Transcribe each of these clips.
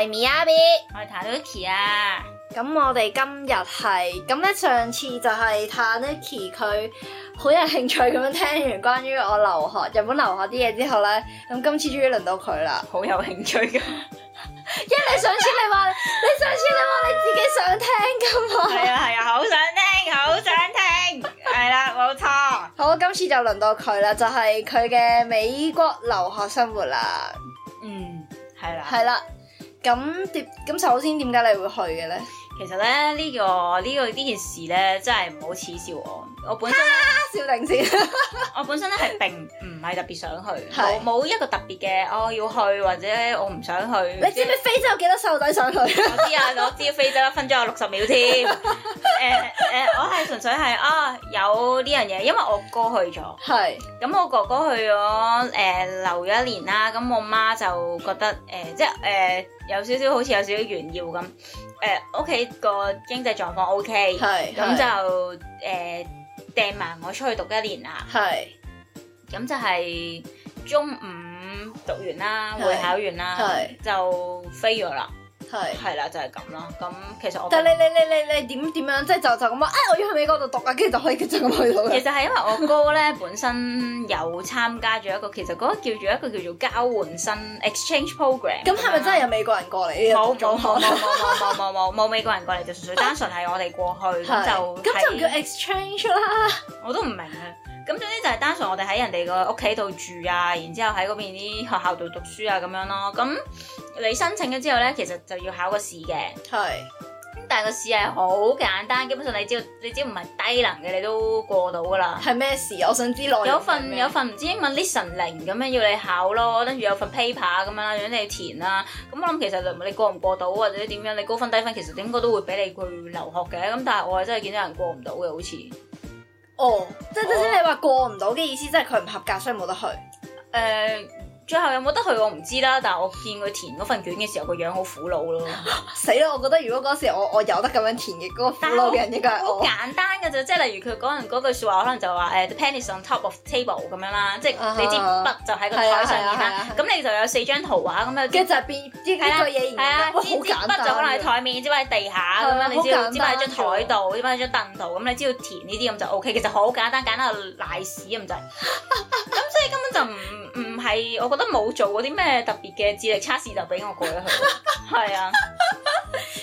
係咪啊 B？我係 Tanuki 啊，咁我哋今日係咁咧。上次就係 Tanuki 佢好有興趣咁樣聽完關於我留學日本留學啲嘢之後咧，咁今次終於輪到佢啦，好有興趣噶。因為你上次你話，你上次你話你自己想聽噶嘛？係啊係啊，好想聽，好想聽，係啦，冇錯。好，今次就輪到佢啦，就係佢嘅美國留學生活啦。嗯，係啦，係啦。咁點？咁首先點解你會去嘅咧？其實咧，這個這個這個、呢個呢個呢件事咧，真係唔好恥笑我。我本身笑定先，我本身咧係並唔係特別想去，冇冇一個特別嘅我要去或者我唔想去。你知唔知非洲有幾多細路仔想去？我知啊，我知非洲一分鐘有六十秒添。誒誒，我係純粹係啊，有呢樣嘢，因為我哥去咗。係。咁我哥哥去咗誒留咗一年啦，咁我媽就覺得誒即誒有少少好似有少少炫耀咁。誒屋企個經濟狀況 OK，係咁就誒。掟埋我出去讀一年啦，咁是就係中五讀完啦，會是考完啦，是就飛咗啦。係係啦，就係咁啦。咁其實我但係你你你你你點點樣？即係就就咁話啊！我要去美國度讀啊，跟住就可以繼續咁去到。其實係因為我哥咧本身有參加咗一個，其實嗰個叫做一個叫做交換生 exchange program。咁係咪真係有美國人過嚟嘅？冇冇冇冇冇冇冇冇美國人過嚟，就純粹單純係我哋過去咁 就。咁就，就叫 exchange 啦。我都唔明啊。咁總之就係單純我哋喺人哋個屋企度住啊，然之後喺嗰邊啲學校度讀書啊咁樣咯。咁、嗯、你申請咗之後呢，其實就要考個試嘅。係是。但係個試係好簡單，基本上你只要你只要唔係低能嘅，你都過到㗎啦。係咩事？我想知內容，有份有份唔知 英文 listening 咁樣要你考咯，跟住有份 paper 咁樣要你填啦、啊。咁、嗯、我諗其實你過唔過到或者點樣，你高分低分其實應該都會俾你去留學嘅。咁但係我係真係見到人過唔到嘅好似。哦，oh, 即係即係你話過唔到嘅意思，oh. 即係佢唔合格，所以冇得去。誒、uh。最後有冇得去我唔知啦，但我見佢填嗰份卷嘅時候，個樣好苦惱咯。死啦！我覺得如果嗰時我我有得咁樣填嘅嗰好簡單嘅啫，即係例如佢講嗰句説話，可能就話誒，The pen is on top of table 咁樣啦，即係你支筆就喺個台上面啦。咁你就有四張圖畫咁啊。其實就係變呢個嘢而家。哇，好簡單。支筆就可能喺台面，支筆喺地下咁樣，支筆喺張台度，支筆喺張凳度咁，你只要填呢啲咁就 OK。其實好簡單，簡單到賴屎咁滯。咁所以根本就唔～唔係，我覺得冇做過啲咩特別嘅智力測試就俾我過咗去，係 啊。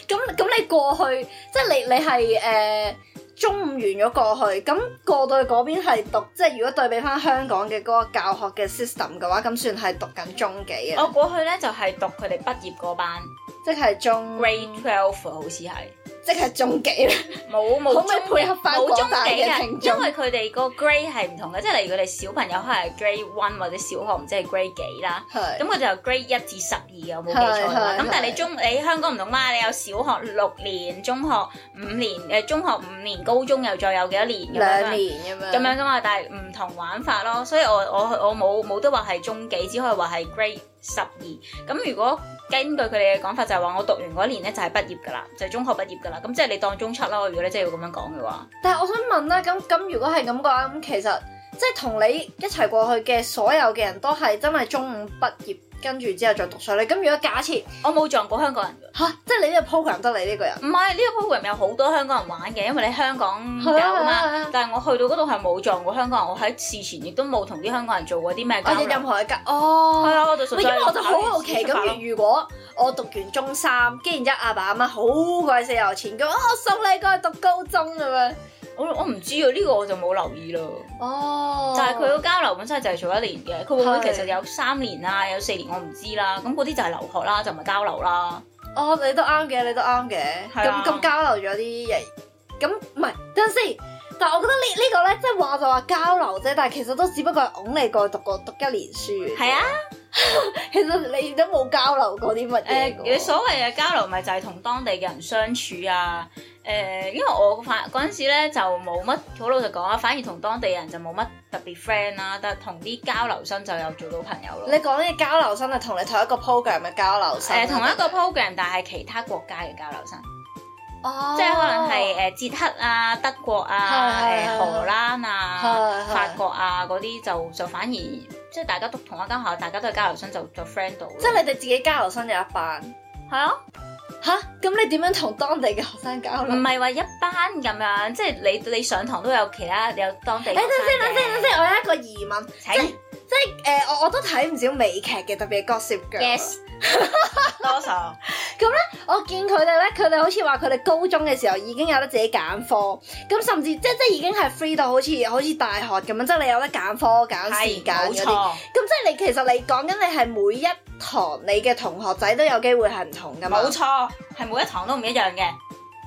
咁咁 你過去，即係你你係誒、呃、中午中五完咗過去，咁過到去嗰邊係讀，即係如果對比翻香港嘅嗰個教學嘅 system 嘅話，咁算係讀緊中幾啊？我過去咧就係、是、讀佢哋畢業嗰班，即係中 grade twelve 好似係。即係中幾啦，冇冇 配合法。冇中幾嘅，因為佢哋個 grade 係唔同嘅，即係例如佢哋小朋友可能係 grade one 或者小學唔知係 grade 幾啦，咁佢是 就 grade 一至十二嘅，有冇記錯咁是但係你中你香港唔同啦。你有小學六年，中學五年，誒中學五年，高中又再有幾多年咁兩年 樣，咁樣噶嘛，但係唔同玩法咯，所以我我我冇冇得話係中幾，只可以話係 grade。十二咁，如果根據佢哋嘅講法，就係話我讀完嗰年呢就係畢業㗎喇，就係、是、中學畢業㗎喇。咁即係你當中七囉。如果你真係要咁樣講嘅話，但係我想問呢、啊，咁咁如果係咁嘅話，咁其實即係同你一齊過去嘅所有嘅人都係真係中五畢業。跟住之後再讀上嚟，咁如果假設我冇撞過香港人嚇，即係你呢個 program 得你呢個人？唔係呢個 program 有好多香港人玩嘅，因為你香港人啊嘛。啊但係我去到嗰度係冇撞過香港人，我喺事前亦都冇同啲香港人做過啲咩交流。任何一交哦，係啊、哦哎，我就純粹。因為我就好好奇咁，如果我讀完中三，既然一阿爸阿媽好鬼死有錢嘅、哦，我送你過去讀高中咁樣。我我唔知啊，呢個我就冇留意咯。哦，但係佢個交流本身就係做一年嘅，佢會唔會其實有三年啦、啊，有四年我唔知啦、啊。咁嗰啲就係留學啦、啊，就唔係交流啦、啊。哦、oh，你都啱嘅，你都啱嘅。咁咁交流咗啲嘢，咁唔係，等陣但係我覺得、這個、呢呢個咧，即係話就話、是、交流啫，但係其實都只不過係㧬你過去讀過讀一年書。係啊。 其實你都冇交流過啲乜嘢。你所謂嘅交流咪就係同當地嘅人相處啊。誒、呃，因為我反嗰陣時咧就冇乜，好老實講啊，反而同當地人就冇乜特別 friend 啦、啊。但係同啲交流生就有做到朋友咯。你講嘅交流生係同你同一個 program 嘅交流生？誒、呃，同一個 program，但係其他國家嘅交流生。哦。即係可能係誒、呃、捷克啊、德國啊、的呃、荷蘭啊、的法國啊嗰啲就就反而。即係大家都同一間校，大家都對交流生就做，做 friend 到。即係你哋自己交流生就一班。係啊。吓，咁你點樣同當地嘅學生交流？唔係話一班咁樣，即係你你上堂都有其他有當地學生等等等等等先。我有一個疑問，請。即係誒、呃，我我都睇唔少美劇嘅，特別係 Gossip Girl。Yes，多少？咁咧，我見佢哋咧，佢哋好似話佢哋高中嘅時候已經有得自己揀科，咁甚至即即，即已經係 free 到好似好似大學咁樣，即係你有得揀科、揀時間嗰啲，冇錯，咁即係你其實你，其實你講緊你係每一堂你嘅同學仔都有機會係唔同㗎嘛？冇錯，係每一堂都唔一樣嘅。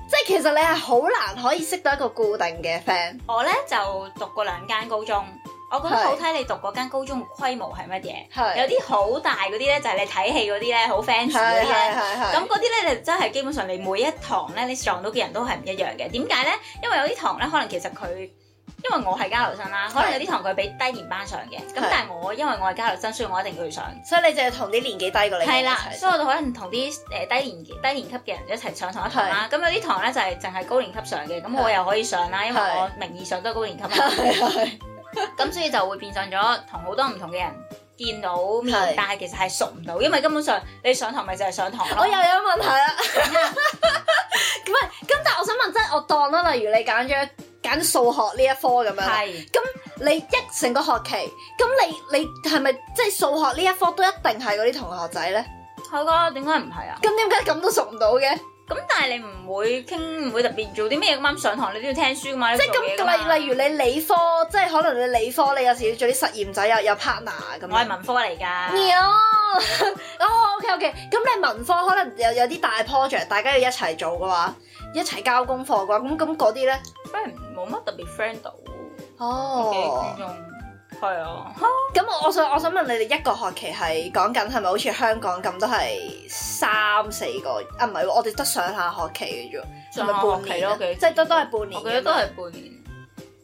即係其實你係好難可以識到一個固定嘅 friend。我咧就讀過兩間高中。我覺得好睇你讀嗰間高中嘅規模係乜嘢？有啲好大嗰啲咧，就係你睇戲嗰啲咧，好 fancy 嗰啲咧。咁嗰啲咧，就真係基本上你每一堂咧，你撞到嘅人都係唔一樣嘅。點解咧？因為有啲堂咧，可能其實佢因為我係交流生啦，可能有啲堂佢俾低年班上嘅。咁但係我因為我係交流生，所以我一定要上。所以你就係同啲年紀低過你係啦。所以我可能同啲誒低年低年級嘅人一齊上同一堂啦。咁有啲堂咧就係淨係高年級上嘅。咁我又可以上啦，因為我名義上都係高年級啊。咁 所以就會變上咗同好多唔同嘅人見到面，是但係其實係熟唔到，因為根本上你上堂咪就係上堂咯。我又有問題啦，咁咪咁但係我想問，即係我當啦，例如你揀咗揀數學呢一科咁樣，咁是你一成個學期，咁你你係咪即係數學呢一科都一定係嗰啲同學仔咧？係啊，點解唔係啊？咁點解咁都熟唔到嘅？咁但係你唔會傾唔會特別做啲咩，咁啱上堂你都要聽書噶嘛？即係咁例，例如你理科即係可能你理科你有時要做啲實驗仔有又 partner 咁。Part ner，我係文科嚟噶。 哦 OK OK，咁你文科可能有有啲大 project，大家要一齊做嘅話，一齊交功課嘅話，咁咁嗰啲咧不 r 冇乜特別 friend 到。哦。係啊，咁我想我想問你哋一個學期係講緊係咪好似香港咁都係三四個啊？唔係，我哋得上下學期嘅啫，上下學期咯，即係都都係半年，啊，我覺得都係半年。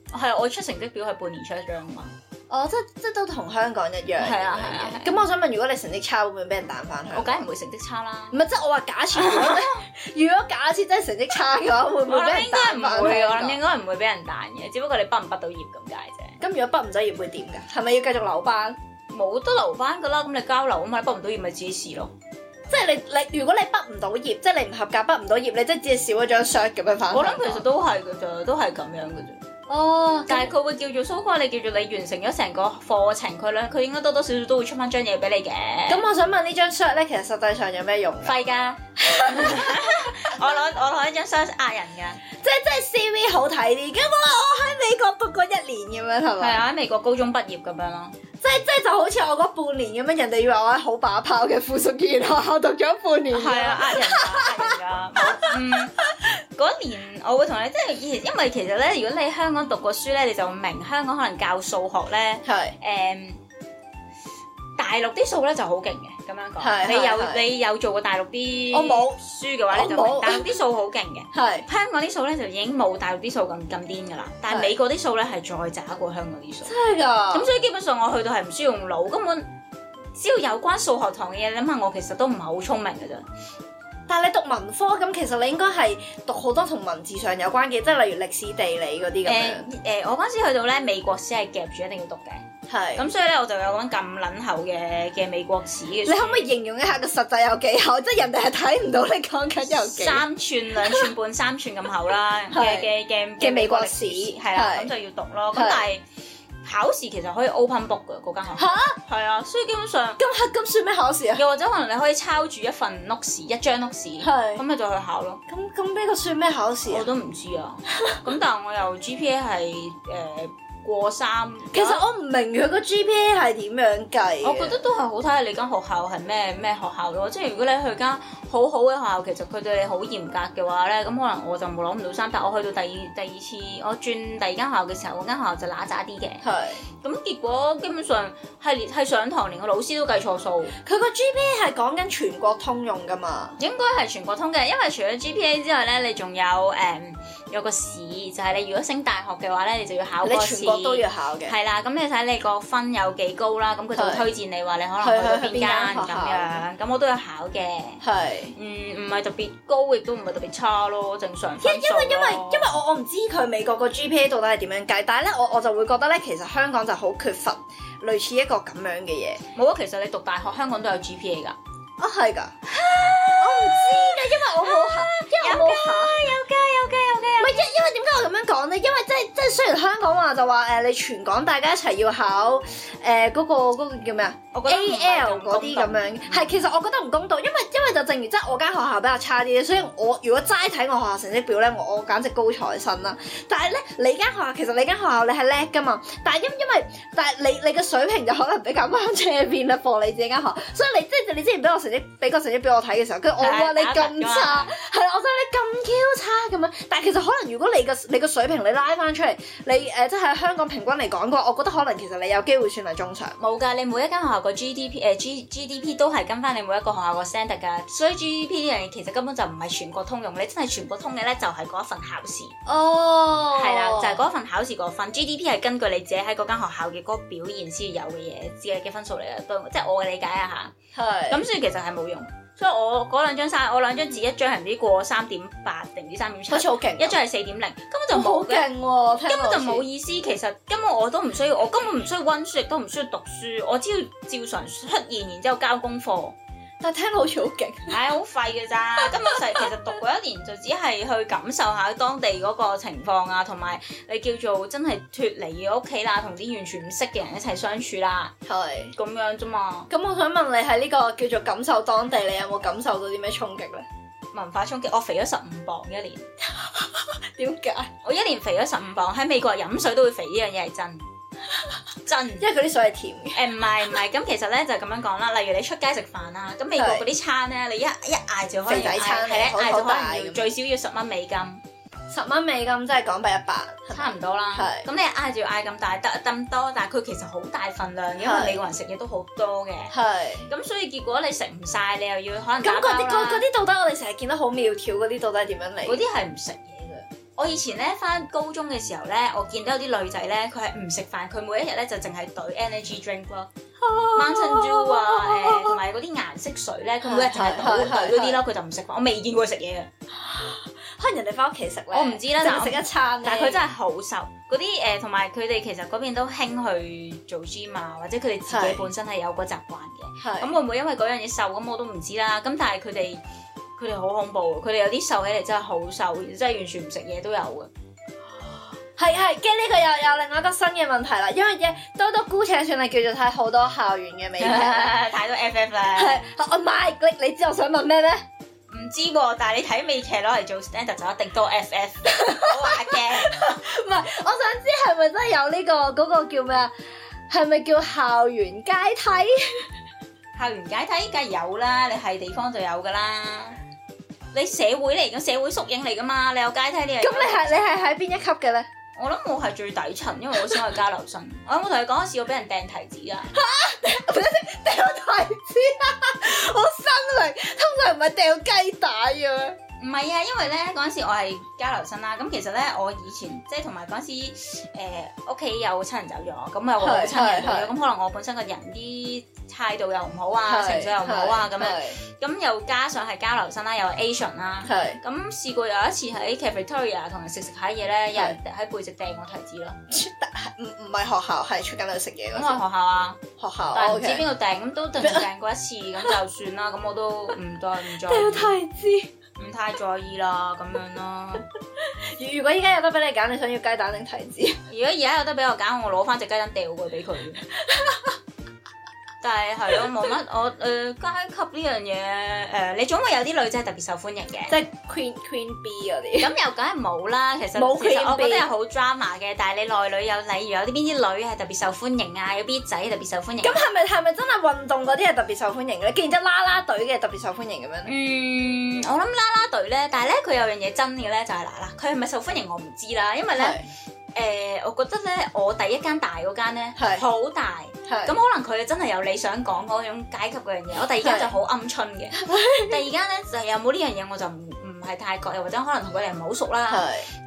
係吧，我出成績表係半年出一張啊。哦，即係即係都同香港一樣。係啊，係啊。咁、啊啊、我想問，如果你成績差，會唔會俾人彈翻去？我梗係唔會成績差啦。唔係，即係我話假設 如果假設真係成績差嘅話，會唔會俾人彈翻港？應該唔會，我諗應該唔會俾人彈嘅，只不過你畢唔畢到業咁解啫。咁如果畢唔到業會點㗎？係咪要繼續留班？冇得留班㗎啦，咁你交流啊嘛，畢唔到業咪指示咯。即係你你，如果你畢唔到業，即係你唔合格畢唔到業，你即係只係少咗張相咁樣翻。我諗其實都係㗎咋，都係咁樣㗎咋。哦，但係佢會叫做 showcase 你，叫做你完成咗成個課程，佢咧佢應該多多少少都會出翻張嘢俾你嘅。咁、嗯、我想問張呢張 shot 咧，其實實際上有咩用？廢噶，我攞我攞呢張 shot 呃人㗎，即係即係 CV 好睇啲。咁我我喺美國讀過一年咁樣係咪？係啊，喺 美國高中畢業咁樣咯。即係即係就好似我嗰半年咁樣，人哋以為我係好把炮嘅附屬院校讀咗半年。係啊，呃，人噶。嗰、 嗯、年我會同你，即係以前，因為其實咧，如果你喺香港讀過書咧，你就明香港可能教數學咧，誒是、嗯，大陸啲數咧就好勁嘅。咁樣講，是是是你有你有做過大陸啲，我冇，書嘅話你就明白。啲數好勁嘅，係是香港啲數咧就已經冇大陸啲數咁咁癲噶啦。是但係美國啲數咧係再渣過香港啲數。真係㗎。咁所以基本上我去到係唔需要用腦，根本只要有關數學堂嘅嘢諗下我其實都唔係好聰明㗎啫。但係你讀文科咁，其實你應該係讀好多同文字上有關嘅，即係例如歷史、地理嗰啲咁樣。呃呃、我嗰陣時去到咧美國史係夾住一定要讀嘅，係是。咁所以咧我就有講咁撚厚嘅嘅美國史嘅。你可唔可以形容一下個實際有幾厚？即係人哋係睇唔到你講緊有幾厚？三寸，兩寸半 三寸咁厚啦，嘅嘅嘅嘅美國歷史係啦，咁是就要讀咯。咁是但係。考試其實可以 open book 嘅嗰間學校，吓蛤？係啊，所以基本上咁黑咁算咩考試啊？又或者可能你可以抄住一份 notes，一張 notes，咁咪就去考咯。咁咁邊個算咩考試啊？我都唔知啊。咁 但係我又 GPA 係誒。呃過三，其實我唔明佢個 GPA 係點樣計。我覺得都係好睇係你間學校係咩咩學校咯。即係如果你去間好好嘅學校，其實佢對你好嚴格嘅話咧，咁可能我就冇攞唔到三。但我去到第二第二次，我轉第二間學校嘅時候，嗰間學校就嗱喳啲嘅。係是。咁結果基本上係係上堂連個老師都計錯數。佢個 GPA 係講緊全國通用㗎嘛？應該係全國通嘅，因為除咗 GPA 之外咧，你仲有誒、嗯、有個試，就係、是、你如果升大學嘅話咧，你就要考個試。都要考嘅，係啦，咁你睇你個分有幾高啦，咁佢就會推薦你話的你可能去邊間咁的樣，咁我都有考嘅，係的，嗯，唔係特別高，亦都唔係特別差咯，正常、啊 yeah, 因。因因為因為因為我我唔知佢美國個 GPA 到底係點樣計，嗯、但係咧我我就會覺得咧，其實香港就好缺乏類似一個咁樣嘅嘢，冇啊，其實你讀大學香港都有 GPA 噶。啊係㗎， 我唔知嘅，因為我好我我我。啊有咁樣講咧，因為即係即係雖然香港話就話誒、呃，你全港大家一齊要考誒嗰、呃那個、那個叫咩啊？AL 嗰啲咁樣，係、嗯、其實我覺得唔公道，因為因為就正如即係我間學校比較差啲咧，所以我如果齋睇我學校成績表咧，我我簡直高材生啦。但係咧，你間學校其實你間學校你係叻噶嘛？但係因因為但係你你嘅水平就可能比較翻車邊啦，放你自己間學校，所以你即係你之前俾我成績俾個成績俾我睇嘅時候，佢是我話你咁差，係啦我話你咁 Q 差咁樣。但係其實可能如果你嘅。你個水平你拉翻出嚟，你誒即係香港平均嚟講過，我覺得可能其實你有機會算係中上，冇㗎。你每一間學校個 GDP 誒、呃、G GDP 都係跟翻你每一個學校個 standard 噶，所以 GDP 呢樣嘢其實根本就唔係全國通用。你真係全部通嘅咧，就係嗰一份考試。哦，係啦，就係、是、嗰份考試嗰份 GDP 係根據你自己喺嗰間學校嘅嗰個表現先有嘅嘢，自己嘅分數嚟嘅，即係、就是、我嘅理解啊嚇。係是。咁所以其實係冇用。所以我嗰兩張曬，我兩張紙、嗯、一張係唔知過三點八定唔知三點七，好似好勁、哦、一張係四點零，根本就冇嘅，哦、根本就冇意思。到其實根本我都唔需要，我根本唔需要温書亦都唔需要讀書，我只要照常出現，然之後交功課。但聽落好似好勁，唉， 好廢嘅咋？根本就其實讀過一年就只係去感受下當地嗰個情況啊，同埋你叫做真係脱離咗屋企啦，同啲完全唔識嘅人一齊相處啦，係咁的樣啫嘛。咁我想問你喺呢個叫做感受當地，你有冇感受到啲咩衝擊咧？文化衝擊，我、哦、肥咗十五磅一年，點 解麼？我一年肥咗十五磅喺美國飲水都會肥，呢樣嘢係真。真，因為佢啲水係甜嘅、欸。誒唔係唔係，咁其實咧就咁、是、樣講啦。例如你出街食飯啦，咁美國嗰啲餐咧，你一一嗌就可以嗌，係咧嗌就可能要最少要十蚊美金，十蚊美金即係港幣一百，吧差唔多啦。咁是你嗌就要嗌咁大得咁多，但係佢其實好大份量，因為美國人食嘢都好多嘅。係是。咁所以結果你食唔晒，你又要可能打包啦。咁嗰啲嗰嗰啲到底我哋成日見得好苗條嗰啲到底點樣嚟？嗰啲係唔食我以前咧翻高中嘅時候咧，我見到有啲女仔咧，佢係唔食飯，佢每一日咧就淨係懟 energy drink 咯，Mountain Dew 啊，同埋嗰啲顏色水咧，佢就係懟嗰啲咯，佢就唔食飯，我未見過食嘢嘅。可能人哋翻屋企食咧，我唔知啦，就食一餐。但係佢真係好瘦，嗰啲誒同埋佢哋其實嗰邊都興去做 gym 啊，或者佢哋自己本身係有個習慣嘅。咁會唔會因為嗰樣嘢瘦？咁我都唔知啦。咁但係佢哋。佢哋好恐怖，佢哋有啲瘦起嚟真係好瘦，真係完全唔食嘢都有嘅。係係，跟住呢個又有，有另外一個新嘅問題啦，因為嘢多多姑且算係叫做睇好多校園嘅美劇，睇到 FF 啦。係，我唔係，你你知我想問咩咩？唔知喎、啊，但係你睇美劇攞嚟做 standard 就一定多 FF。 我話嘅，唔係，我想知係咪真係有呢個嗰個叫咩啊？係咪叫校園階梯？ 校園階梯梗係有啦，你係地方就有噶啦。你社會嚟嘅社會縮影嚟㗎嘛？你有階梯啲嘢。咁你係你係喺邊一級嘅咧？我諗我係最底層，因為我先去交流生。我有冇同你講、啊、一次，要俾人掟提子㗎。嚇！掟掟提子， 我心嚟通常唔係掟雞蛋嘅。唔係啊，因為咧嗰陣時我係交流生啦，咁其實咧我以前即係同埋嗰陣時誒屋企有親人走咗，咁有個親人去咗，咁可能我本身個人啲態度又唔好啊，情緒又唔好啊咁樣，咁又加上係交流生啦，又係 Asian 啦，咁試過有一次喺 Cafeteria 同人食食下嘢咧，有人喺背脊掟我提子咯，唔唔係學校，係出街度食嘢，咁係學校啊，學校，但我唔知邊度掟，咁都突然間過一次咁就算啦，咁我都唔再唔再掟提子。唔太在意啦，咁樣咯。 如果依家有得俾你揀，你想要雞蛋定提子？ 如果而家有得俾我揀，我攞翻隻雞蛋掉過俾佢。 就係係咯，冇乜 我誒、呃、階級呢樣嘢誒、呃，你總會有啲女仔係特別受歡迎嘅，即係 queen queen B 嗰啲。咁又梗係冇啦，其實冇沒 Queen 其 u 我覺得係好 drama 嘅，但係你內裏有例如有啲邊啲女係特別受歡迎啊，有啲仔特別受歡迎、啊。咁係咪係咪真係運動嗰啲係特別受歡迎嘅？咧、嗯？跟住啦啦隊嘅特別受歡迎咁樣。嗯，我諗啦啦隊咧，但係咧佢有樣嘢真嘅咧，就係嗱嗱，佢係咪受歡迎我唔知啦，因為咧。誒、呃，我覺得咧，我第一間大嗰間咧，好是大，咁是可能佢真係有你想講嗰種階級嗰樣嘢。是我第二間就好鵪鶉嘅，第二間咧就有冇呢樣嘢，我就唔唔係太覺，又或者可能同佢哋唔係好熟啦。誒是、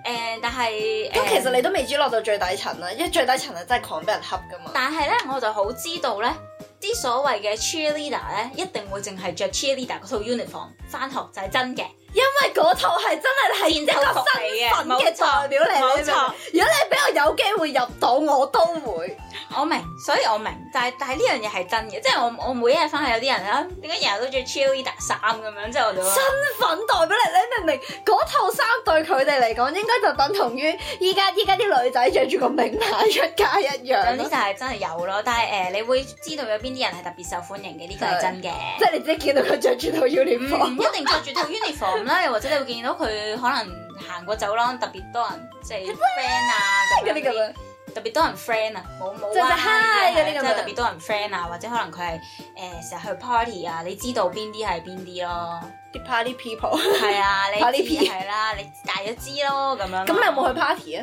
呃，但係咁其實你都未住落到最底層啦，因為最底層就真係狂俾人恰㗎嘛。但係咧，我就好知道咧，啲所謂嘅 cheerleader 咧，一定會淨係着 cheerleader 嗰套 uniform 返學就係真嘅。因為嗰套係真係係一個身份嘅代表嚟，冇錯。錯如果你畀我有機會入到，我都會。我明，所以我明。但係但係呢樣嘢係真嘅，即係我我每一日翻去有啲人咧，點解日日都着 Chloe 衫咁樣？即、就、係、是、我哋話身份代表你。你明唔明？嗰套衫對佢哋嚟講，應該就等同於依 家依家啲女仔着住個名牌出街一樣。呢啲就係真係有咯，但係誒、呃，你會知道有邊啲人係特別受歡迎嘅，呢對個係真嘅。即係你只係見到佢着住套 uniform。唔 一定著住套 uniform。 咁啦，又或者你會見到佢可能行過走廊，特別多人即係 friend 啊嗰啲，特別多人 friend 啊，好唔好啊？即係特別多人 friend 啊，或者可能佢係誒成日去 party 啊，你知道邊啲係邊啲咯？啲 party people 係 啊你，party p、啊、 啦，你大咗知咯咁樣、啊。咁你有冇去 party、呃、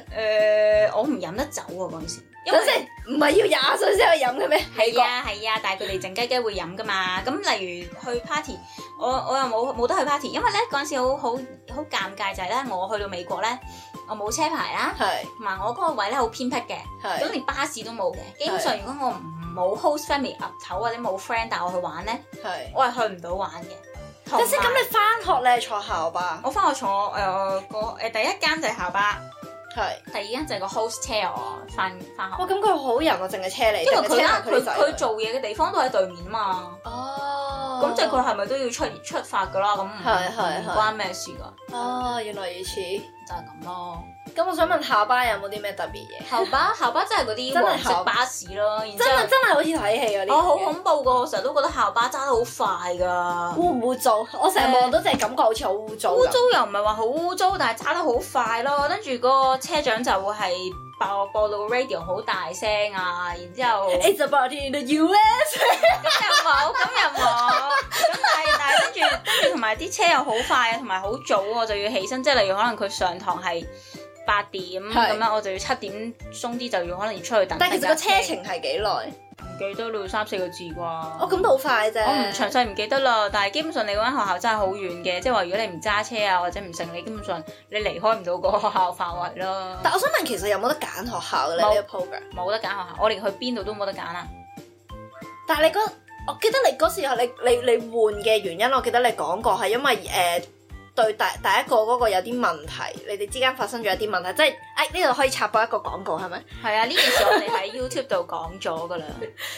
啊？誒，我唔飲得酒喎嗰陣時。咁即係唔係要廿歲先去飲嘅咩？係美國 啊係啊，但係佢哋靜雞雞會飲噶嘛。咁例如去 party，我我又冇冇得去 party，因為咧嗰陣時好好好尷尬就係、是、咧，我去到美國咧，我冇車牌啦，係是，同埋我嗰個位咧好偏僻嘅，咁是連巴士都冇嘅。基本上如果我唔冇 host family 額頭或者冇 friend 帶我去玩咧，係是，我係去唔到玩嘅。嗰陣。咁你翻學你坐校巴？我翻學坐誒個、呃、第一間就係校巴。係，是第二間就係個 hostel 返返學。哇、哦，咁佢好人喎、啊，淨係車你。因為佢咧，佢佢做嘢嘅地方都喺對面啊嘛。哦。咁即係佢係咪都要出出發噶啦？咁唔唔關咩事噶。啊，原來如此，就係咁咯。咁我想問校巴有冇啲咩特別嘢？校巴校巴真係嗰啲黃色巴士咯，真係真係好似睇戲啊。啲。哦，好恐怖噶！我成日都覺得校巴揸得好快噶，污污糟。我成日望到淨係感覺好似好污糟。污糟又唔係話好污糟，但係揸得好快咯。跟住個車長就會係。爆播播到 radio 好大聲啊，然之後 It's about in the U.S. 又 冇，咁又冇，咁 但係但係，跟住同埋啲車又好快啊，同埋好早我就要起身，即係例如可能佢上堂係。八點咁啦，我就要七點鬆啲，就要可能要出去等。但係其實個車程係幾耐？唔記得要三四個字啩。哦，咁都好快啫。我唔詳細唔記得啦，但係基本上你嗰間學校真係好遠嘅，即係話如果你唔揸車啊，或者唔乘，你基本上你離開唔到個學校範圍咯。但係我想問，其實有冇得揀學校嘅咧？呢個 program 冇得揀學校，我連去邊度都冇得揀啦。但係你嗰，我記得你嗰時候你你你換嘅原因，我記得你講過係因為誒。對第第一個嗰個有啲問題，你哋之間發生咗一啲問題，即係誒呢度可以插播一個廣告係咪？係啊，呢件事我哋喺 YouTube 度講咗噶啦，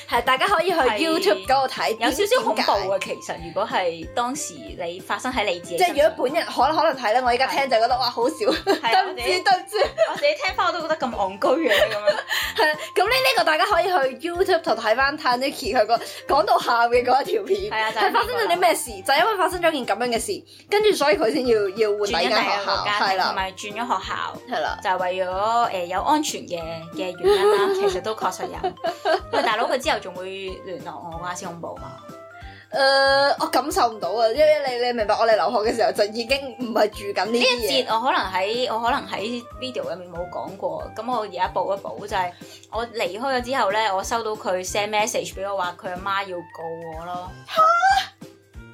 係大家可以去 YouTube 嗰度睇，有少少恐怖啊。其實。如果係當時你發生喺你自己，即係如果本人可可能睇咧，我而家聽就覺得哇好笑，對唔住對唔住，我自己聽翻我都覺得咁戇居嘅咁樣。係咁呢呢個大家可以去 YouTube 度睇翻 Tanuki 佢講講到下面嗰一條片，係啊，係發生咗啲咩事？就因為發生咗件咁樣嘅事，跟住所以佢，要要換一間學校，係對啦，同埋轉咗學校，係對啦就，就為咗誒有安全嘅嘅原因啦、啊， 其實都確實有。喂， 大佬，佢之後仲會聯絡我啊先恐怖嘛？誒、呃，我感受唔到啊，因為你你明白我哋留學嘅時候就已經唔係住緊呢啲嘢。呢一節我可能喺我可能喺 video 入面冇講過，咁我而家補一補就係、是、我離開咗之後咧，我收到佢 send message 俾我話佢阿媽要告我咯。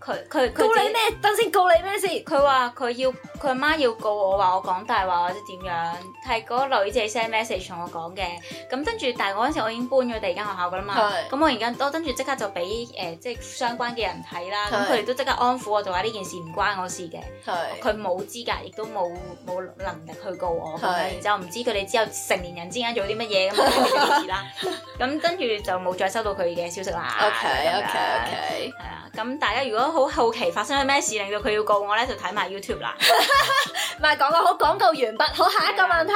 佢佢告你咩？等先告你咩先？佢話佢要佢阿媽要告我話我講大話或者點樣，係嗰個女仔 send message 同我講嘅。咁跟住，但係我嗰時我已經搬咗第二間學校噶啦嘛。咁我而家我跟住即刻就俾誒，即係相關嘅人睇啦。咁佢哋都即刻安撫我，就話呢件事唔關我事嘅。佢冇資格，亦都冇冇能力去告我。然之後唔知佢哋之後成年人之間做啲乜嘢咁嘅事啦。咁跟住就冇再收到佢嘅消息啦。OK OK OK，係啊。咁大家如果好好奇發生咗咩事，令到佢要告我咧？就睇埋 YouTube 啦。唔係講嘅好，廣告完畢，好，下一個問題。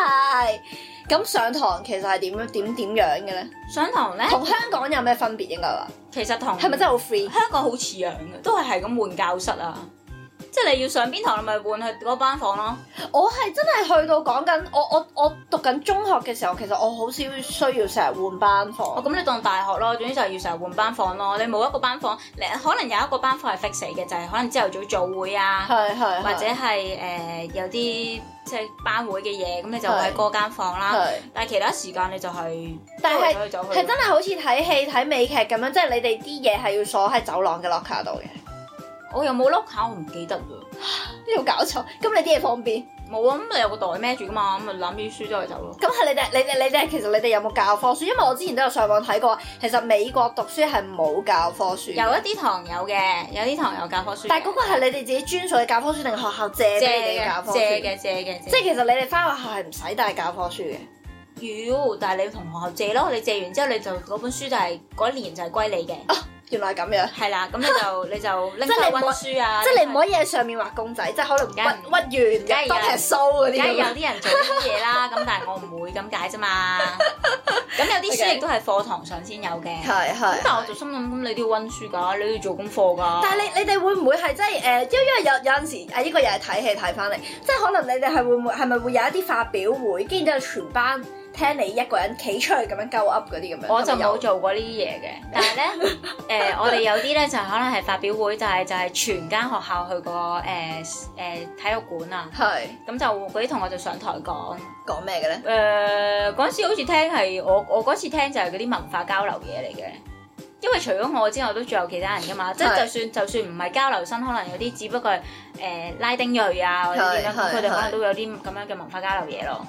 咁的上堂其實係點樣？點點樣嘅咧？上堂咧，同香港有咩分別應該話？其實同係咪真係好 free？香港好似樣嘅，都係係咁換教室啊。即係你要上邊堂，你咪換去嗰班房咯。我係真係去到講緊，我我我讀緊中學嘅時候，其實我好少需要成日換班房。咁、哦、你當大學咯，總之就係要成日換班房咯。你冇一個班房，你可能有一個班房係 fix 死嘅，就係、是、可能朝頭早早會啊，或者係誒、呃、有啲即係班會嘅嘢，咁是你就喺嗰間房啦。但係其他時間你就係、是，但係是係真係好似睇戲睇美劇咁樣，即係你哋啲嘢係要鎖喺走廊嘅 locker 度嘅。我、哦、又冇碌下，我唔記得啦。呢個、啊、搞錯。咁你啲嘢放邊？冇啊，咁你有個袋孭住噶嘛，咁就攬啲書走嚟走咯。咁係你哋，你哋，你哋其實你哋有冇教科書？因為我之前都有上網睇過，其實美國讀書係冇教，教，教科書。有一啲堂有嘅，有啲堂有教科書。但係嗰個係你哋自己專屬嘅教科書，定學校借嘅？借嘅，借嘅，借嘅。即係其實你哋翻學校係唔使帶教科書嘅。妖、呃！但係你要同學校借咯，你借完之後你就嗰本書就係、是、嗰一年就係歸你嘅。啊原來係咁樣，係啦，咁你就你就拎真係温書啊！即係你唔可以喺上面畫公仔，即係可能唔屈屈完，多劈須嗰啲。梗係有啲人做啲嘢啦，咁但係我唔會咁解啫嘛。咁有啲書亦都係課堂上先有嘅，咁但係我就心諗，咁你都要温書噶，你都要做功課噶。但係你你哋會唔會係即係誒？因為有有陣時啊，呢個又係睇戲睇翻嚟，即係可能你哋係會唔會係咪會有一啲發表會，跟住就全班。聽你一個人企出去咁樣鳩噏嗰啲咁樣，我就冇做過呢啲嘢嘅。但係咧，誒，我哋有啲咧就可能係發表會、就是，就係就係全間學校去個誒誒體育館啊。係是。咁就嗰啲同學就上台講講咩嘅咧？誒，嗰、呃、時好似聽係我我嗰次聽就係嗰啲文化交流嘢嚟嘅，因為除咗我之外都仲有其他人噶嘛。即係是就，就算就算唔係交流生，可能有啲只不過係誒、呃、拉丁裔啊或者點樣，佢哋是可能都有啲咁樣嘅文化交流嘢咯。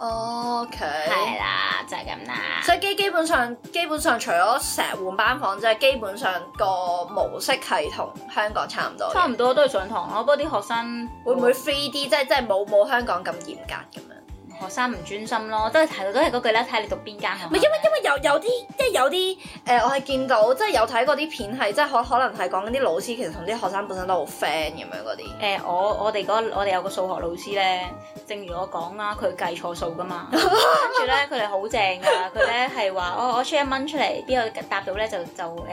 哦，OK 係啦，就係、是、咁啦，所以基基本上基本上除咗成日換班房即係基本上個模式係同香港差唔多，差唔多都係上堂咯。不過啲學生會唔會 free 啲，即係即係冇冇香港咁嚴格咁樣。學生唔專心咯，都係提到都係嗰句咧，睇你讀邊間係咪？唔係，因為因為有有啲即係有啲誒、呃，我係見到即係有睇過啲片，係即係可可能係講緊啲老師其實同啲學生本身都好 friend 咁樣嗰啲。誒、呃，我我哋嗰、那個、我哋有個數學老師咧，正如我講啦，佢計錯數㗎嘛，跟住咧佢哋好正㗎，佢咧係話哦，我出一蚊出嚟，邊個答到咧就就誒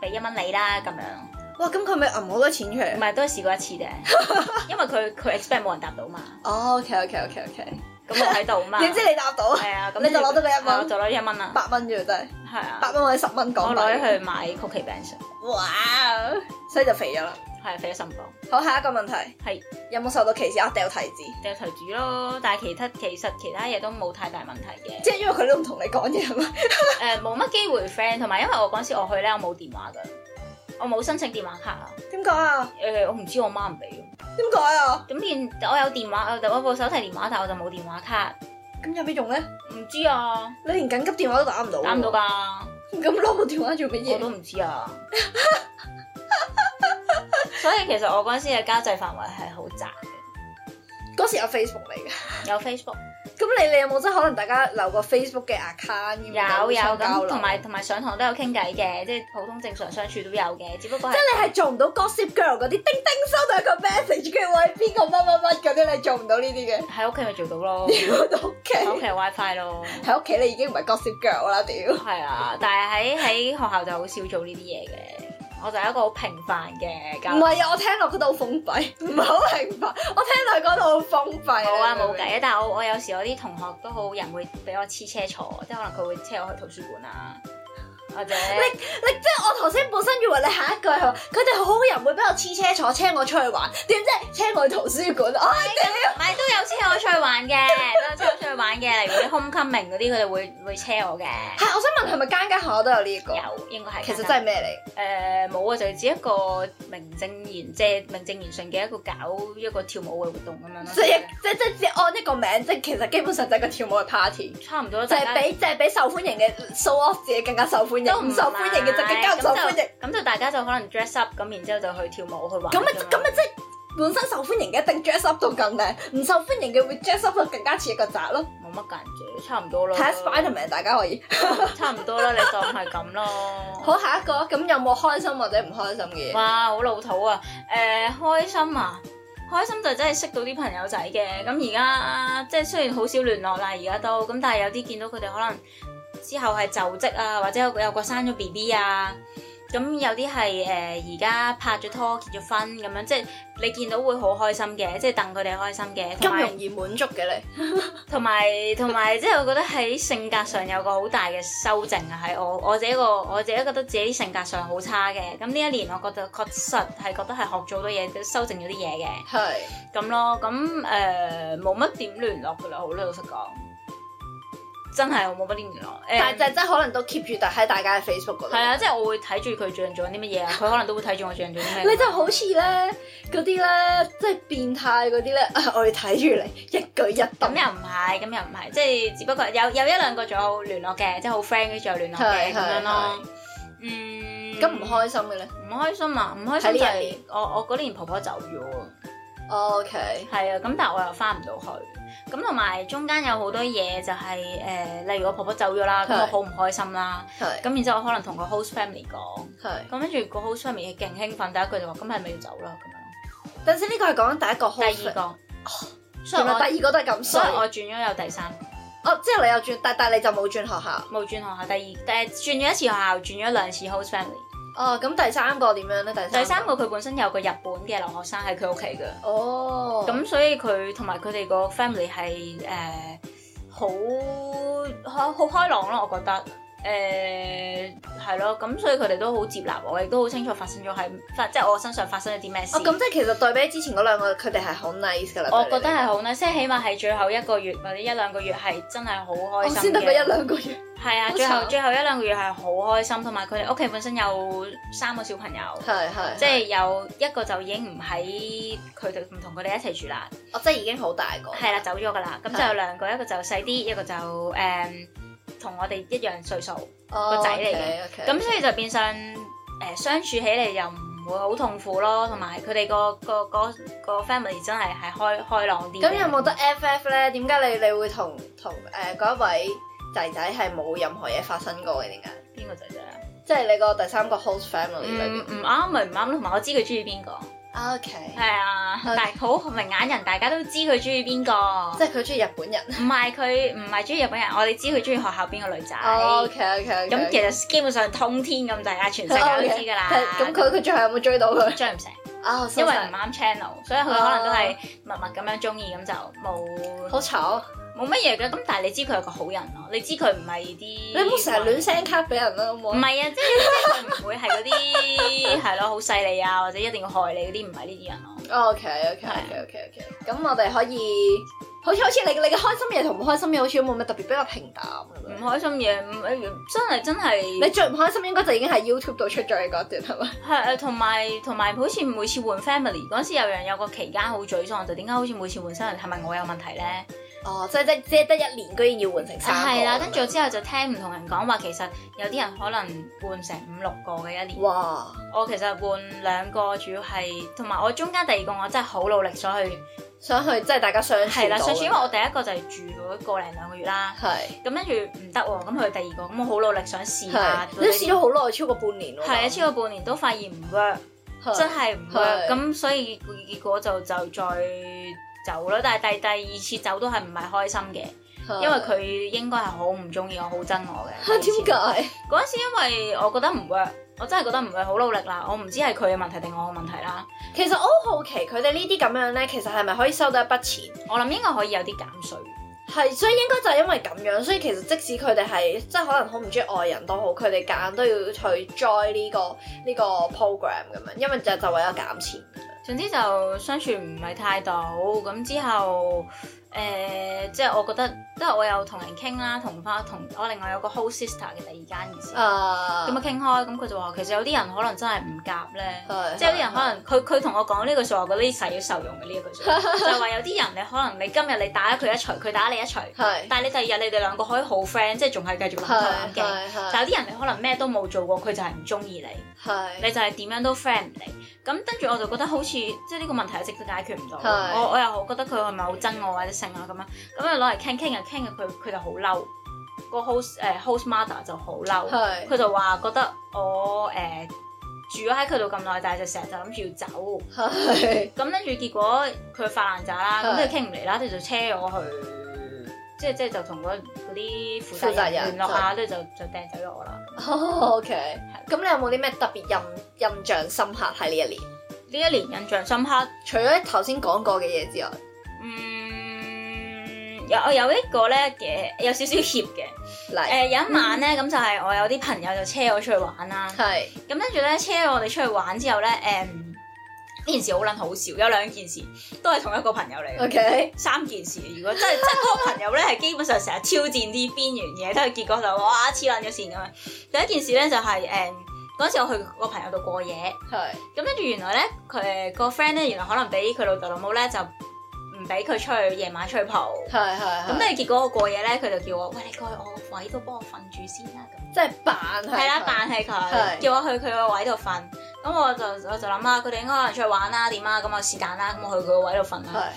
俾一蚊你啦咁樣。哇，咁佢咪揞好多錢出嚟？唔係，都係試過一次啫， 因為佢佢 expect 冇人答到嘛。哦、oh，OK OK OK OK, okay。咁喺度嘛？點 知你答到？係 啊，咁你就攞到個一蚊，嗯、就攞一蚊啦，八蚊啫，真係係啊，八蚊或者十蚊港我攞去買曲奇餅食。哇！所以就肥咗啦，係 肥咗十磅。好，下一個問題係是有冇受到歧視？啊？掉提子，掉提子咯。但係其他其實其他嘢都冇太大問題嘅，即係 因為佢都唔同你講嘢咯。誒、 呃，冇乜機會 friend，同埋因為我嗰陣時我去咧，我冇電話噶。我冇申請電話卡啊！點解啊？誒、呃，我唔知，我媽唔俾。點解啊？咁電我有電話，我有部手提電話，但我就冇電話卡。咁有咩用咧？唔知啊！你連緊急電話都打唔到。打唔到㗎。咁攞部電話做乜嘢？我都唔知啊。 所以其實我嗰陣時嘅交際範圍係好窄嘅。嗰時有 Facebook 嚟噶。 有 Facebook。咁你你有冇真係可能大家留個 Facebook 嘅 account 有有同埋同埋上堂都有傾偈嘅，即係普通正常相處都有嘅，只不過係即係你係做唔到 Gossip Girl 嗰啲叮叮收到一個 message，佢話係邊個乜乜乜，嗰啲你做唔到呢啲嘅，喺屋企咪做到咯，喺屋企喺屋企 wifi 咯，喺屋企你已經唔係 Gossip Girl 啦，屌係啊，但係喺喺學校就好少做呢啲嘢嘅。我就係一個好平凡嘅教，唔係啊！我聽落嗰度封閉，唔係好平凡。我聽落嗰度好封閉。好啊，冇計。但係我我有時我啲同學都好人會俾我黐車坐，即係可能佢會車我去圖書館啊。Okay. 你你即係、就是、我頭先本身以為你下一句係佢哋好好人會俾我黐車坐，車我出去玩，點知車我去圖書館啊。唔係都有車我出去玩嘅，都 有車我出去玩嘅，例如啲 homecoming 嗰啲，佢哋會會車我嘅。係我想問係咪間間下都有呢？這個有應該係其實真係咩嚟？誒，冇啊，就只、是、一個名正言，即係名正言順嘅一個搞一個跳舞嘅活動，咁樣即係即係即係按一個名，即係、就是、其實基本上就係個跳舞嘅 party 差唔多，就係俾，就係俾、就是、受歡迎嘅 show off 自己更加受歡都唔受歡迎嘅，即係交手唔受歡迎。咁就大家就可能 dress up，咁然之後就去跳舞去玩。咁啊，咁啊，即係本身受歡迎嘅一定 dress up 到咁靚，唔受歡迎嘅會 dress up 到更加似一個宅咯。冇乜間距，差唔多咯。睇下 Spiderman，大家可以。差唔多啦，你當係咁咯。好，下一個，咁有冇開心或者唔開心嘅？哇，好老土啊！誒，開心啊，開心就真係識到啲朋友仔嘅。咁而家即係雖然好少聯絡啦，而家都咁，但係有啲見到佢哋可能。之後係就職啊，或者有個有個生咗 BB 啊，咁有啲係誒而家拍咗拖結咗婚咁樣，即係你見到會好開心嘅，即係戥佢哋開心嘅。咁容易滿足嘅你，同埋同埋即係我覺得喺性格上有個好大嘅修正啊！喺我我自己個，我自己，個我自己覺得自己性格上好差嘅，咁呢一年我覺得確實係覺得係學咗好多嘢，修正咗啲嘢嘅。係咁是咯，咁誒冇乜點聯絡㗎啦，好啦，老實講。真係我冇乜啲聯絡，嗯、但係就真係可能都 keep 住喺大家嘅 Facebook 度。係 啊，即、就、係、是、我會睇住佢最近做緊啲乜嘢啊，佢可能都會睇住我最近做緊啲乜嘢。你就好似咧嗰啲咧，即係變態嗰啲咧， 我要睇住你一舉一動。咁又唔係，咁又唔係，即係只不過有有一兩個仲有聯絡嘅，即係好 friend 嘅仲有聯絡嘅咁樣咯。嗯，咁、嗯、唔、嗯、開心嘅咧？唔開心啊！唔開心就係我我嗰年婆婆走咗。Oh, OK。係啊，咁但係我又翻唔到去。咁同埋中間有好多嘢就係、是、誒、呃，例如我婆婆走咗啦，咁對我好唔開心啦。咁對然之後我可能同個 host family 講，咁跟住個 host family 係勁興奮，第一句就話：咁係咪要走啦？咁樣。頭先呢個係講緊第一個，第二個，原來第二個都係咁衰。所以我轉咗有第三。哦，之後你又轉，但但你就冇轉學校，冇轉學校。第二但誒，轉咗一次學校，轉咗兩次 host family。哦，咁第三個點樣咧？第三，第三個佢本身有個日本嘅留學生喺佢屋企嘅，哦，咁所以佢同埋佢哋個 family 係誒好開好開朗咯，我覺得。誒係咯，咁、嗯、所以佢哋都好接納我，亦都好清楚發生咗係發，即係我身上發生咗啲咩事。哦，咁即係其實對比之前嗰兩個，佢哋係好 nice 噶啦。我覺得係好 nice，即係起碼係最後一個月或者一兩個月係真係好開心。先得嗰一兩個月。係啊，最後最後一兩個月係好開心，同埋佢哋屋企本身有三個小朋友。係係。即係有一個就已經唔喺佢哋唔同佢哋一齊住啦。哦，即係已經好大個。係啦，走咗噶啦。咁就有兩個，一個就細啲，一個就誒，同我哋一樣歲數個仔嚟嘅，咁、oh, okay , okay. 所以就變相誒、呃、相處起嚟又唔會好痛苦咯，同埋佢哋個個個 family 真係係開開朗啲。咁有冇得 FF 咧？點解你你會同同誒嗰一位仔仔係冇任何嘢發生過嘅？點解？邊個仔仔啊？即係你個第三個 house family 唔啱咪唔啱，同埋我知佢中意邊個。O K，係啊，Okay. 但係好明眼人，大家都知佢中意邊個，即係佢中意日本人。唔係佢唔係中意日本人，我哋知佢中意學校邊個女仔。O K O K。咁其實基本上通天咁滯啊，全世界都、oh, okay. 知㗎啦。咁佢佢最後有冇追到佢？追唔成。Oh, so 因為唔啱 channel，所以佢可能都係默默咁樣中意，咁、oh, 就冇。好醜。冇乜嘢嘅，咁但係你知佢係個好人咯，你知佢唔係啲你唔好成日亂聲卡俾人啦，好冇？唔係 啊，即係佢唔會係嗰啲係咯，好犀利啊，或者一定要害你嗰啲，唔係呢啲人咯。OK OK OK OK 咁、okay. 我哋可以，好似好似你你嘅開心嘢同唔開心嘢，好似冇乜特別比較平淡唔開心嘢，嗯嗯嗯、真係真係。你最唔開心應該就已經係 YouTube 度出咗嘅嗰段係咪？係啊，同埋同埋好似每次換 family 嗰時，有人有個期間好沮喪，就點解好似每次換新人，係咪我有問題咧？哦，即係即係得一年，居然要換成三個。係啦，跟住之後就聽唔同人講話，其實有啲人可能換成五六個嘅一年。哇！我其實換兩個，主要係同埋我中間第二個，我真係好努力想去，想去即係大家相處。係啦，相處，因為我第一個就係住咗個零兩個月啦。係。咁跟住唔得喎，咁去第二個，咁我好努力想試下。都試咗好耐，超過半年喎。係啊，超過半年都發現唔 work，真係唔 work。咁所以結果就就再走啦，但係第第二次走都係唔係開心嘅，嗯、因為佢應該係好唔中意我，好憎我嘅。嚇，點解？嗰陣時因為我覺得唔 work 我真係覺得唔 work 好努力啦，我唔知係佢嘅問題定我嘅問題啦。其實我好好奇佢哋呢啲咁樣呢，其實係咪可以收得一筆錢？我諗應該可以有啲減稅。係，所以應該就係因為咁樣，所以其實即使佢哋係即係可能好唔中意外人都好，佢哋夾硬都要去 join 呢個呢個 program 咁樣，因為就就為咗減錢。總之就相處唔係太到，咁之後誒，即係我覺得，即係我有同人傾啦，同翻同我另外有個 host sister 嘅第二間嘅事，咁樣傾開，咁佢就話其實有啲人可能真係唔夾咧，即係有啲人可能佢佢同我講呢句說話，嗰啲係要受用嘅呢一句說話，就話有啲人你可能你今日你打咗佢一錘，佢打你一錘，但係你第二日你哋兩個可以好 friend，即係仲係繼續諗下諗下，但有啲人你可能咩都冇做過，佢就係唔中意你，你就係點樣都 friend 唔嚟。咁跟住我就覺得好似即係呢個問題係直接解決唔到，我我又覺得佢係咪好憎我或者性啊咁啊？咁啊攞嚟傾傾啊傾啊，佢佢就好嬲，個 house 誒 house mother 就好嬲，佢就話覺得我誒住咗喺佢度咁耐，但係就成日就諗住要走，咁跟住結果佢發爛渣啦，咁就傾唔嚟啦，佢就車我去，即係即係就同嗰啲負責人聯絡下，跟住就就掟走咗我啦。OK，咁你有冇啲咩特別任務？印象深刻係呢一年，呢一年印象深刻。除咗頭先講過嘅嘢之外，嗯，有我有一個咧嘅有少少怯嘅，誒有一晚咧咁就係我有啲朋友就車我出去玩啦，係咁跟住咧車我哋出去玩之後咧，誒呢件事好撚好笑，有兩件事都係同一個朋友嚟嘅，OK，三件事。如果真係真係嗰個朋友咧，係基本上成日挑戰啲邊緣嘢，都係結果就哇黐撚咗線咁樣。第一件事咧就係誒。嗰陣時我去個朋友度過夜，咁跟住原來咧佢個 friend 咧原來可能俾佢老豆老母咧就唔俾佢出去夜晚出去蒲，咁咧結果我過夜咧佢就叫我喂，你過去我個位度幫我瞓住先啦，即係扮係啦，扮係佢叫我去佢個位度瞓，咁我就我就諗下，佢哋應該可能出去玩啦點啊，咁我時間啦咁我去佢個位度瞓啦。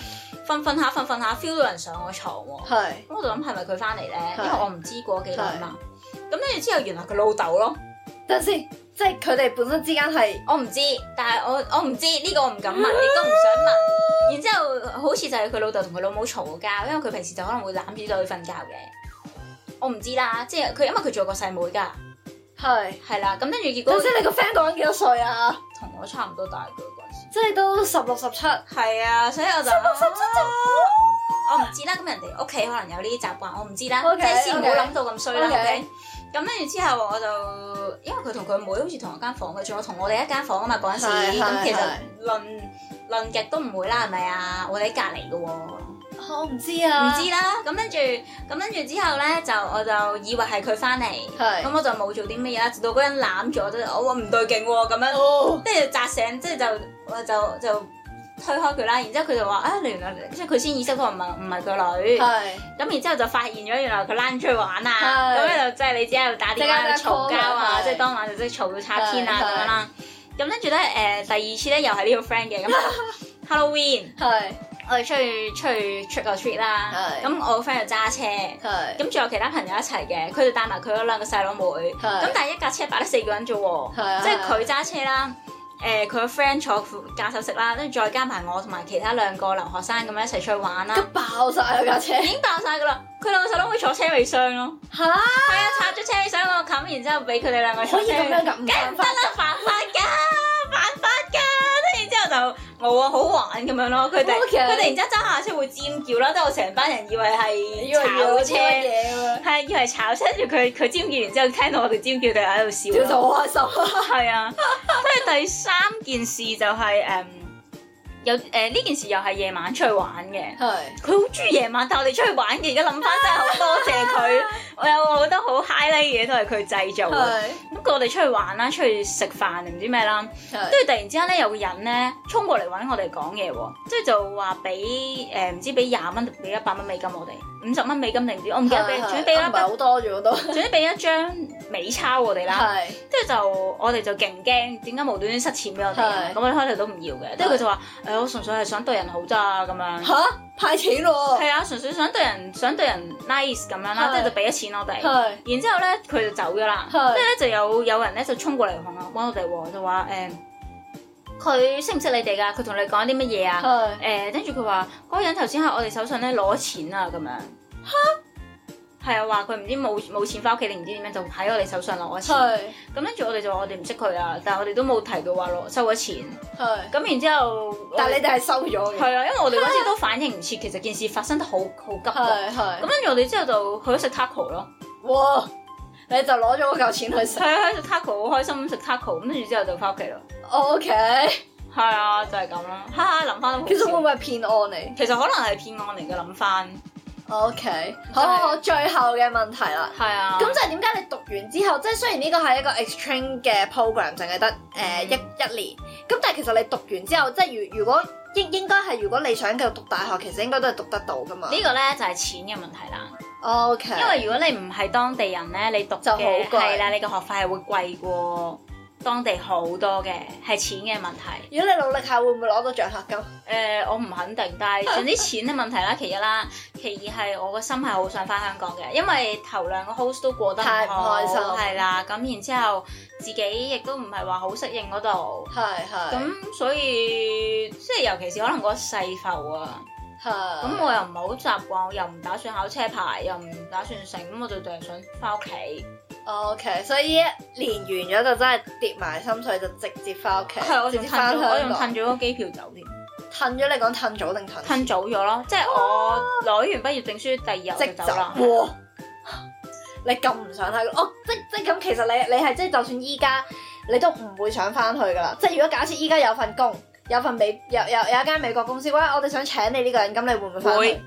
瞓瞓下瞓瞓下 feel 到人上我床喎，咁我就諗係咪佢翻嚟咧？因為我唔知過幾耐嘛，咁跟住之後原來佢老豆咯，等先。即係佢哋本身之間係，我唔知，但係我我唔知呢個我唔敢問，亦都唔想問。然之後好似就係佢老豆同佢老母嘈過交，因為佢平時就可能會攬住佢瞓覺嘅。我唔知啦，即係佢，因為佢做過細妹㗎。係係是啦，咁跟住結果。即係你個 friend 講緊幾多歲啊？同我差唔多大陣時。乖乖即係都十六十七。係啊，所以我就。十六十七,七十、啊、我唔知啦，咁人哋屋企可能有呢啲習慣，我唔知啦，okay，即係先唔好諗到咁衰啦，OK？okay. 咁跟住之後，我就因為佢同佢妹好似同一間房，佢仲有同我哋一間房啊嘛，趕錢咁其實論是是論極都唔會啦，係咪啊？我哋喺隔離嘅喎，我唔知啊，唔知、啊、知啦。咁跟住，咁跟住之後咧，就我就以為係佢翻嚟，咁是我就冇做啲乜嘢，直到嗰陣攬咗都，我唔對勁喎、啊，咁樣，即係扎醒，即係就我、是、就就。就就就就推開佢啦，然之後佢就話：啊，你原來，即係佢先意識到唔係唔係個女。咁然之後就發現咗，原來佢躝出去玩啊。咁咧就即係你只係打電話嘈交啊，即係當晚就即係嘈到拆天啊咁樣啦。咁跟住咧誒，第二次咧又係呢個 friend 嘅咁，Halloween，我哋出去出去出個 trip 啦。咁我個 friend 就揸車，咁仲有其他朋友一齊嘅，佢就帶埋佢嗰兩個細佬妹。咁但係一架車擺得四個人啫喎，即係佢揸車啦。誒佢個 friend 坐副駕駛席啦，跟住再加埋我同埋其他兩個留學生咁樣一齊出去玩啦，啊，爆晒啦，架車，已經爆晒噶啦！佢兩個細佬會坐車尾箱咯，嚇，係啊，拆咗車尾箱個冚，然之後俾佢哋兩個坐車，梗唔得啦，犯法噶。 就冇啊，好玩咁樣咯，佢哋，佢哋突然之間揸下車會尖叫啦，都我成班人以為係炒車，係啊、嗯，以為炒車，跟住佢佢尖叫完之後聽到我哋尖叫，就喺度笑，笑到好開心，係 啊，即係第三件事就係、是、誒。Um, 有誒呢、呃、件事又係夜晚出去玩嘅，佢好中意夜晚帶我哋出去玩嘅。而家諗翻真係好多謝佢， 我有好多好是我覺得好 high 咧嘅都係佢製造嘅。咁嗰我哋出去玩啦，出去食飯定唔知咩啦，跟住是突然之間咧有個人咧衝過嚟揾我哋講嘢喎，即係就話俾誒唔知俾廿蚊定俾一百蚊美金我哋。五十蚊美金定唔知，我唔記得俾，總之俾啦，得。總之俾一張美鈔我哋啦，即係就我哋就勁驚，點解無端端塞錢俾我哋？咁我哋開頭都唔要嘅，即係佢就話誒，我純粹係想對人好咋咁樣。吓派錢咯？係啊，純粹想對人想對人 nice 咁樣啦，即係就俾咗錢我哋。然之後咧佢就走咗啦，即係咧就有有人咧就衝過嚟問我，問我哋就話誒，佢識唔識你哋噶？佢同你講啲乜嘢啊？誒，跟住佢話嗰個人頭先喺我哋手上咧攞錢啊，咁樣。哈，係啊，話佢唔知冇冇錢翻屋企定唔知點樣，就喺我哋手上攞錢。咁跟住我哋就話我哋唔識佢啊，但係我哋都冇提到話攞收咗錢。咁係，然之後，後，但係你哋係收咗嘅。係、哦、啊，因為我哋嗰時都反應唔切，其實件事發生得好好急嘅。咁跟住我哋之後就去咗食 taco 咯。哇，你就攞咗嗰嚿錢去食，去食、啊、taco，好開心咁食 taco。咁跟住之後就翻屋企咯。OK，係啊，就係咁咯。哈，哈，諗翻都其實會唔會係騙案嚟？其實可能係騙案嚟嘅諗翻。O K，好，最後嘅問題啦，係啊，咁就係點解你讀完之後，即係雖然呢個係一個 extreme 嘅 program，淨係得誒一一年，咁但係其實你讀完之後，即係如如果應應該係如果你想繼續讀大學，其實應該都係讀得到噶嘛。個呢個咧就係、是、錢嘅問題啦。OK，因為如果你唔係當地人咧，你讀就好貴啦，你嘅學費係會貴過當地好多嘅，係錢嘅問題。如果你努力下，會唔會攞到獎學金？誒、呃，我唔肯定，但係仲有啲錢嘅問題實啦，其一啦。其二係我個心係好想翻香港嘅，因為頭兩個 house 都過得唔好，係啦，咁然之後自己亦都唔係話好適應嗰度，係係是，咁所以即係尤其是可能個細埠啊，係是，咁我又唔係好習慣，又唔打算考車牌，又唔打算成，咁我就就係想翻屋企。OK，所以連完咗就真係跌埋心水，就直接翻屋企，仲趁咗個機票走添。.褪咗，你講褪早定褪？褪早咗咯，即係我攞完畢業證書、啊、第二日就走啦。走哇 你咁唔想睇，我即即咁，即其實你你係即係就算依家你都唔會想翻去噶啦。即係如果假設依家有份工，有份美有有有，有一間美國公司喂，我哋想請你呢個人，咁你會唔會翻去？會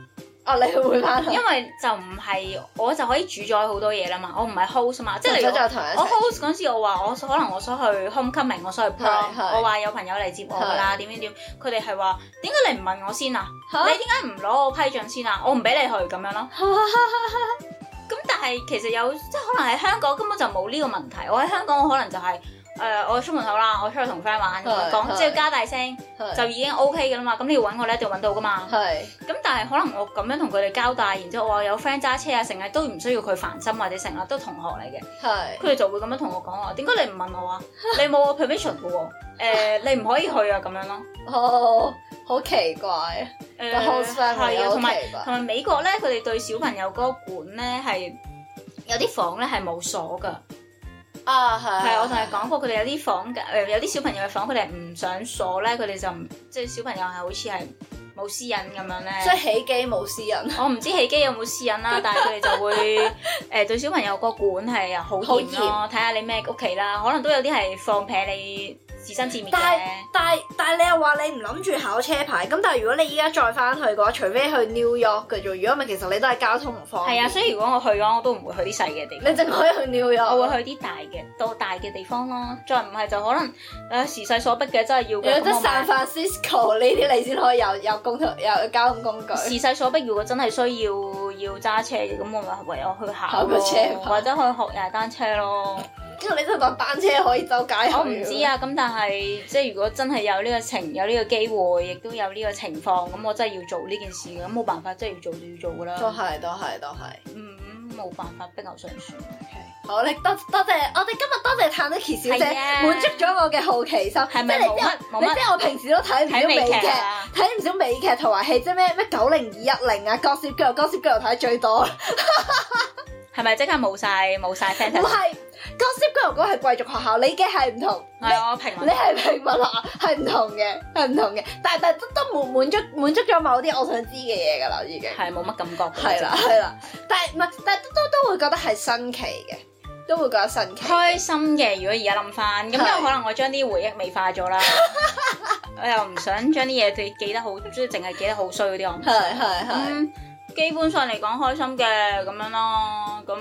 啊、你會翻，因為就唔係我就可以主宰好多嘢啦嘛，我唔係 host 嘛，即係你果就同我 host 嗰陣時我我，我話我可能我想去 homecoming，我想去 prom，是我話有朋友嚟接我啦，點點點，佢哋係話點解你唔問我先啊？好 你點解唔攞我批准先啊？我唔俾你去咁樣咯、啊。咁 但係其實有即係可能喺香港根本就冇呢個問題，我喺香港我可能就係、是。誒，我出門口啦，我出去同 friend 玩講，即係加大聲就已經 OK 嘅啦嘛。咁你要揾我咧，一定揾到噶嘛。咁但係可能我咁樣同佢哋交代，然之後我話有 friend 揸車啊，成日都唔需要佢煩心或者成日都同學嚟嘅。佢哋就會咁樣同我講話，點解你唔問我啊？你冇我 permission 嘅喎。誒，你唔可以去啊，咁樣咯。好好奇怪。誒，係啊，同埋同埋美國咧，佢哋對小朋友嗰個管咧係有啲房咧係冇鎖㗎。啊，係係、oh, yes.，我同你講過，佢哋有啲房嘅，誒有啲小朋友嘅房，佢哋唔上鎖咧，佢哋就即係、就是、小朋友係好似係冇私隱咁樣咧。即係起機冇私隱。我唔知起機有冇私隱啦， 但係佢哋就會誒、 欸、對小朋友個管係好嚴咯，睇下甜你咩屋企啦，可能都有啲係放屁你。自,自但係但係但係你又話你唔諗住考車牌，咁但係如果你依家再翻去嘅話，除非去 New York 嘅啫，如果唔係，其實你都係交通唔方便。係啊，所以如果我去嘅話，我都唔會去啲細嘅地方。你淨可以去 New York，我會去啲大嘅，到大嘅地方咯。再唔係就可能誒、啊、時勢所逼嘅，真係要的。有得果 San Francisco 呢啲你先可以有有,有交通工具。時勢所逼，如果真係需要要揸車嘅，咁我咪唯有去考,考個車牌或者去學踩單車咯。咁你都搭單車可以走解，我唔知啊。咁但係即係如果真係有呢個情有呢個機會，亦都有呢個情況，咁我真係要做呢件事嘅，咁冇辦法，真係要做就要做噶啦。都係，都係，都係。嗯，冇辦法，冰牛上樹。好，你多多謝我哋今日多謝 Tanuki 小姐的滿足咗我嘅好奇心。是不是即係你知我，你知我平時都睇唔少美劇，睇唔、啊、少美劇同埋戲，即係咩咩九零二一零啊 Gossip Girl，Gossip Girl 睇得最多。係咪即刻冇晒，冇晒。聽？唔係。Gossip Girl 係貴族學校，你嘅係唔同。係啊，平民。你係平民啊，係唔同嘅，係唔同嘅。但係但係都都滿滿足滿足咗某啲我想知嘅嘢㗎啦，已經。係冇乜感覺。係啦，係啦。但係唔係？但係都都都會覺得係新奇嘅，都會覺得新奇。開心嘅，如果而家諗翻，咁因為可能我將啲回憶美化咗啦。我又唔想將啲嘢記得好，即係淨係記得好衰嗰啲，我唔。係係基本上嚟講，開心嘅咁樣咯，咁。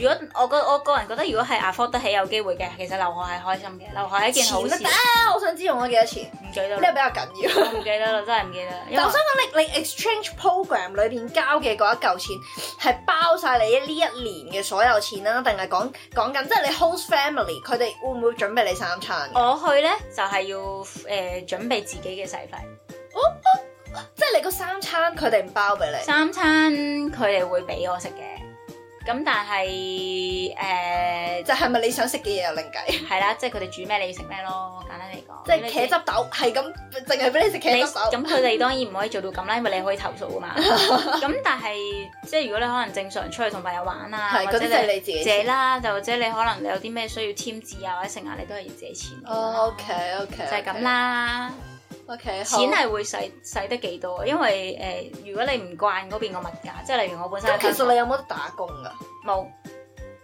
如果我個我個人覺得，如果係 afford 起有機會嘅，其實留學係開心嘅，留學係一件好事。錢啊、哎！我想知用咗幾多錢？唔記得咗，呢個比較緊要。唔記得啦，真係唔記得。為但係我想問你，你你 exchange program 裏邊交嘅嗰一嚿錢係包晒你呢一年嘅所有錢啦，定係講講緊即係你 host family 佢哋會唔會準備你三餐？我去咧就係、是、要誒、呃、準備自己嘅使費。哦，即係你個三餐佢哋唔包俾你。三餐佢哋會俾我食嘅。咁但係誒、呃，就係、是、咪你想食嘅嘢又另計？係啦，即係佢哋煮咩，你食咩咯？簡單嚟講，即係茄汁豆，係咁淨係俾你食茄汁豆。咁佢哋當然唔可以做到咁啦，因為你可以投訴啊嘛。咁 但係即係如果你可能正常出去同朋友玩啊， 對或者你借啦，就或者你可能你有啲咩需要簽字啊或者剩啊，你都係要自己簽。哦，OK，OK，就係咁啦。Oh, okay, okay, okay, okay. Okay, 錢係會使使得幾多，因為誒、呃，如果你唔慣嗰邊個物價，即係例如我本身。其實你有冇得打工噶？冇，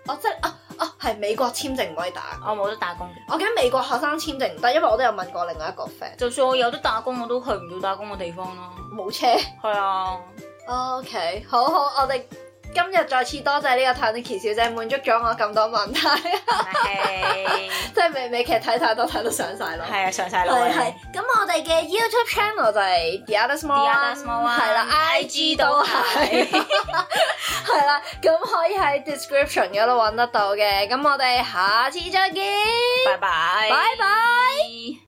哦，即係啊啊，係沒、啊啊、美國簽證唔可以打。我冇得打工。嘅。我記得美國學生簽證唔得，因為我都有問過另外一個 friend。就算我有得打工，我都去唔到打工嘅地方咯。冇車。係啊。O、okay, K，好，好，我哋。今日再次多謝呢個 Tanuki 小姐滿足咗我咁多問題，即係美美劇睇太多睇到上晒腦， 係啊上晒腦是。係咁，我哋嘅 YouTube channel 就係 The Others More，係啦 One，IG 都係，係啦，咁可以喺 description 嗰度揾得到嘅。咁我哋下次再見，拜拜，拜拜。